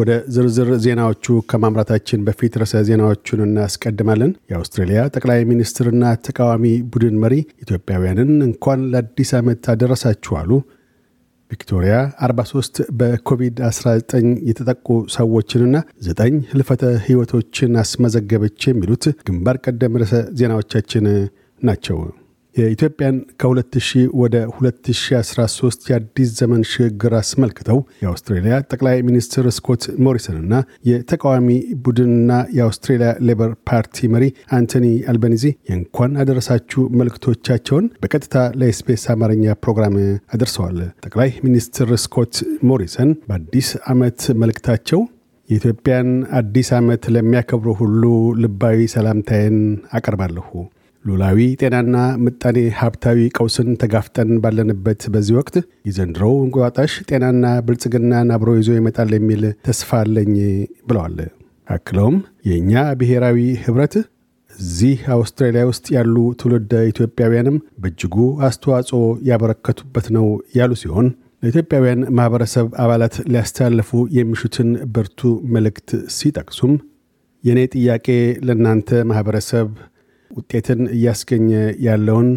ወደ ዝርዝር ዜናዎቹ ከማምራታችን በፊት ርዕሰ ዜናዎቹን እናስቀድማለን። የአውስትሬልያ ጠቅላይ ሚኒስትርና ተቃዋሚ ቡድን መሪ ኢትዮጵያውያንን እንኳን ለአዲስ ዓመት አደረሳችሁ አሉ። ቪክቶሪያ 43 በኮቪድ-19 የተጠቁ ሰዎችንና ዘጠኝ ህልፈተ ህይወቶችን አስመዘገበች። የሚሉት ግንባር ቀደም ረዕሰ ዜናዎቻችን ናቸው። የኢትዮጵያን ከ2000 ወደ 2013 የአዲስ ዘመን ሽግግር አስመልክተው የአውስትሬልያ ጠቅላይ ሚኒስትር ስኮት እና የተቃዋሚ ቡድንና የአውስትሬልያ ሌበር ፓርቲ መሪ አንቶኒ አልበኒዚ የእንኳን አደረሳችሁ መልእክቶቻቸውን በቀጥታ ለኤስፔስ አማርኛ ፕሮግራም አድርሰዋል። ጠቅላይ ሚኒስትር ስኮት ሞሪሰን በአዲስ ዓመት መልእክታቸው የኢትዮጵያን አዲስ ዓመት ለሚያከብሩ ሁሉ ልባዊ ሰላምታዬን አቀርባለሁ። ሉላዊ ጤናና ምጣኔ ሀብታዊ ቀውስን ተጋፍጠን ባለንበት በዚህ ወቅት የዘንድሮው እንቁጣጣሽ ጤናና ብልጽግናን አብሮ ይዞ ይመጣል የሚል ተስፋ አለኝ ብለዋል። አክለውም የእኛ ብሔራዊ ህብረት እዚህ አውስትራሊያ ውስጥ ያሉ ትውልደ ኢትዮጵያውያንም በእጅጉ አስተዋጽኦ ያበረከቱበት ነው ያሉ ሲሆን ለኢትዮጵያውያን ማኅበረሰብ አባላት ሊያስተላልፉ የሚሹትን ብርቱ መልእክት ሲጠቅሱም የእኔ ጥያቄ ለእናንተ ማኅበረሰብ ውጤትን እያስገኘ ያለውን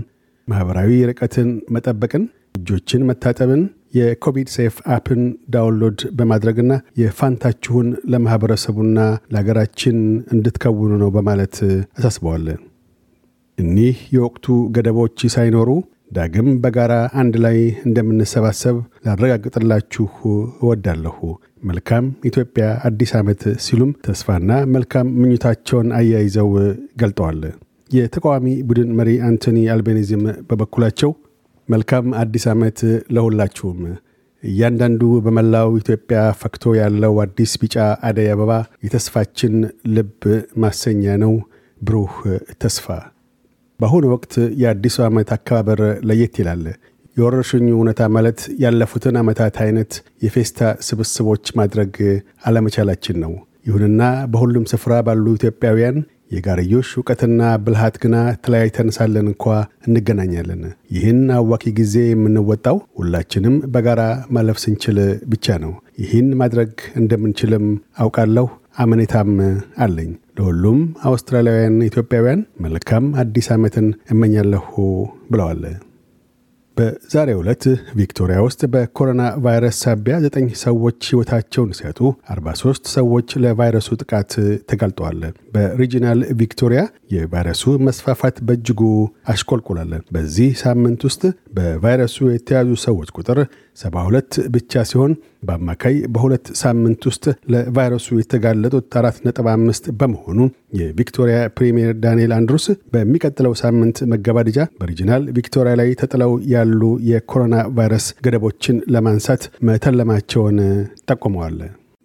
ማኅበራዊ ርቀትን መጠበቅን፣ እጆችን መታጠብን፣ የኮቪድ ሴፍ አፕን ዳውንሎድ በማድረግና የፋንታችሁን ለማኅበረሰቡና ለሀገራችን እንድትከውኑ ነው በማለት አሳስበዋል። እኒህ የወቅቱ ገደቦች ሳይኖሩ ዳግም በጋራ አንድ ላይ እንደምንሰባሰብ ላረጋግጥላችሁ እወዳለሁ። መልካም ኢትዮጵያ አዲስ ዓመት ሲሉም ተስፋና መልካም ምኞታቸውን አያይዘው ገልጠዋል። የተቃዋሚ ቡድን መሪ አንቶኒ አልቤኒዝም በበኩላቸው መልካም አዲስ ዓመት ለሁላችሁም፣ እያንዳንዱ በመላው ኢትዮጵያ ፈክቶ ያለው አዲስ ቢጫ አደይ አበባ የተስፋችን ልብ ማሰኛ ነው፣ ብሩህ ተስፋ። በአሁኑ ወቅት የአዲሱ ዓመት አከባበር ለየት ይላል። የወረርሽኙ እውነታ ማለት ያለፉትን ዓመታት አይነት የፌስታ ስብስቦች ማድረግ አለመቻላችን ነው። ይሁንና በሁሉም ስፍራ ባሉ ኢትዮጵያውያን የጋርዮሽ እውቀትና ብልሃት ግና ተለያይተን ሳለን እንኳ እንገናኛለን። ይህን አዋኪ ጊዜ የምንወጣው ሁላችንም በጋራ ማለፍ ስንችል ብቻ ነው። ይህን ማድረግ እንደምንችልም አውቃለሁ፣ አመኔታም አለኝ። ለሁሉም አውስትራሊያውያን ኢትዮጵያውያን መልካም አዲስ ዓመትን እመኛለሁ ብለዋል። በዛሬ ዕለት ቪክቶሪያ ውስጥ በኮሮና ቫይረስ ሳቢያ ዘጠኝ ሰዎች ሕይወታቸውን ሲያጡ 43 ሰዎች ለቫይረሱ ጥቃት ተጋልጠዋል። በሪጂናል ቪክቶሪያ የቫይረሱ መስፋፋት በእጅጉ አሽቆልቁላል። በዚህ ሳምንት ውስጥ በቫይረሱ የተያዙ ሰዎች ቁጥር 72 ብቻ ሲሆን በአማካይ በሁለት ሳምንት ውስጥ ለቫይረሱ የተጋለጡት 4.5 በመሆኑ የቪክቶሪያ ፕሪምየር ዳንኤል አንድሩስ በሚቀጥለው ሳምንት መገባደጃ በሪጂናል ቪክቶሪያ ላይ ተጥለው ያሉ የኮሮና ቫይረስ ገደቦችን ለማንሳት መተለማቸውን ጠቁመዋል።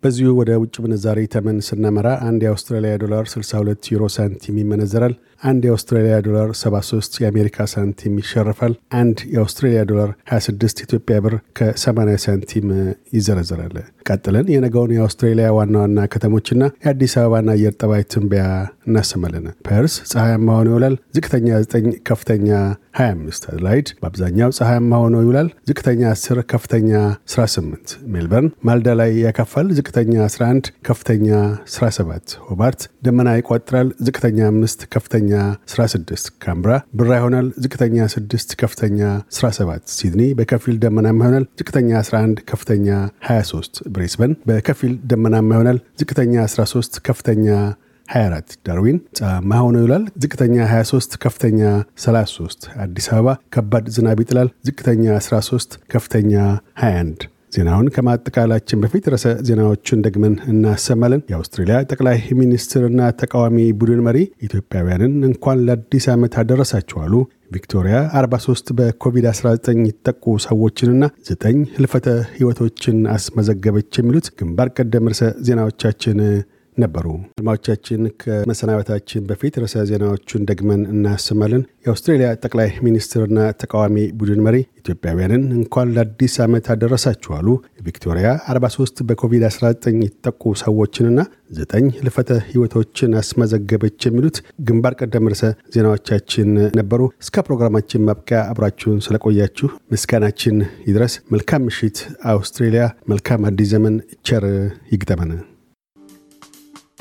በዚሁ ወደ ውጭ ምንዛሬ ተመን ስናመራ አንድ የአውስትራሊያ ዶላር 62 ዩሮ ሳንቲም ይመነዘራል። አንድ የአውስትራሊያ ዶላር 73 የአሜሪካ ሳንቲም ይሸርፋል። አንድ የአውስትራሊያ ዶላር 26 ኢትዮጵያ ብር ከ80 ሳንቲም ይዘረዘራል። ቀጥለን የነገውን የአውስትራሊያ ዋና ዋና ከተሞችና የአዲስ አበባና አየር ጠባይ ትንበያ እናሰማለን። ፐርስ ፀሐያማ ሆኖ ይውላል። ዝቅተኛ 9 ከፍተኛ 25 አድላይድ በአብዛኛው ፀሐያማ ሆኖ ይውላል። ዝቅተኛ 10 ከፍተኛ 18። ሜልበርን ማልዳ ላይ ያካፋል። ዝቅተኛ 11 ከፍተኛ 17። ሆባርት ደመና ይቋጥራል። ዝቅተኛ 5 ከፍተኛ 16። ካምብራ ብራ ይሆናል። ዝቅተኛ 6 ከፍተኛ 17። ሲድኒ በከፊል ደመናማ ይሆናል። ዝቅተኛ 11 ከፍተኛ 23። ብሬስበን በከፊል ደመናማ ይሆናል። ዝቅተኛ 13 ከፍተኛ 24 ዳርዊን ጫማ ሆኖ ይውላል። ዝቅተኛ 23፣ ከፍተኛ 33። አዲስ አበባ ከባድ ዝናብ ይጥላል። ዝቅተኛ 13፣ ከፍተኛ 21። ዜናውን ከማጠቃላችን በፊት ርዕሰ ዜናዎቹን ደግመን እናሰማለን። የአውስትሬልያ ጠቅላይ ሚኒስትርና ተቃዋሚ ቡድን መሪ ኢትዮጵያውያንን እንኳን ለአዲስ ዓመት አደረሳችኋሉ ቪክቶሪያ 43 በኮቪድ-19 የተጠቁ ሰዎችንና 9 ህልፈተ ህይወቶችን አስመዘገበች። የሚሉት ግንባር ቀደም ርዕሰ ዜናዎቻችን ነበሩ። አድማጮቻችን፣ ከመሰናበታችን በፊት ርዕሰ ዜናዎቹን ደግመን እናሰማለን። የአውስትሬልያ ጠቅላይ ሚኒስትርና ተቃዋሚ ቡድን መሪ ኢትዮጵያውያንን እንኳን ለአዲስ ዓመት አደረሳችሁ አሉ። ቪክቶሪያ 43 በኮቪድ-19 የተጠቁ ሰዎችንና ዘጠኝ ልፈተ ህይወቶችን አስመዘገበች የሚሉት ግንባር ቀደም ርዕሰ ዜናዎቻችን ነበሩ። እስከ ፕሮግራማችን ማብቂያ አብራችሁን ስለቆያችሁ ምስጋናችን ይድረስ። መልካም ምሽት አውስትሬልያ፣ መልካም አዲስ ዘመን። ቸር ይግጠመን።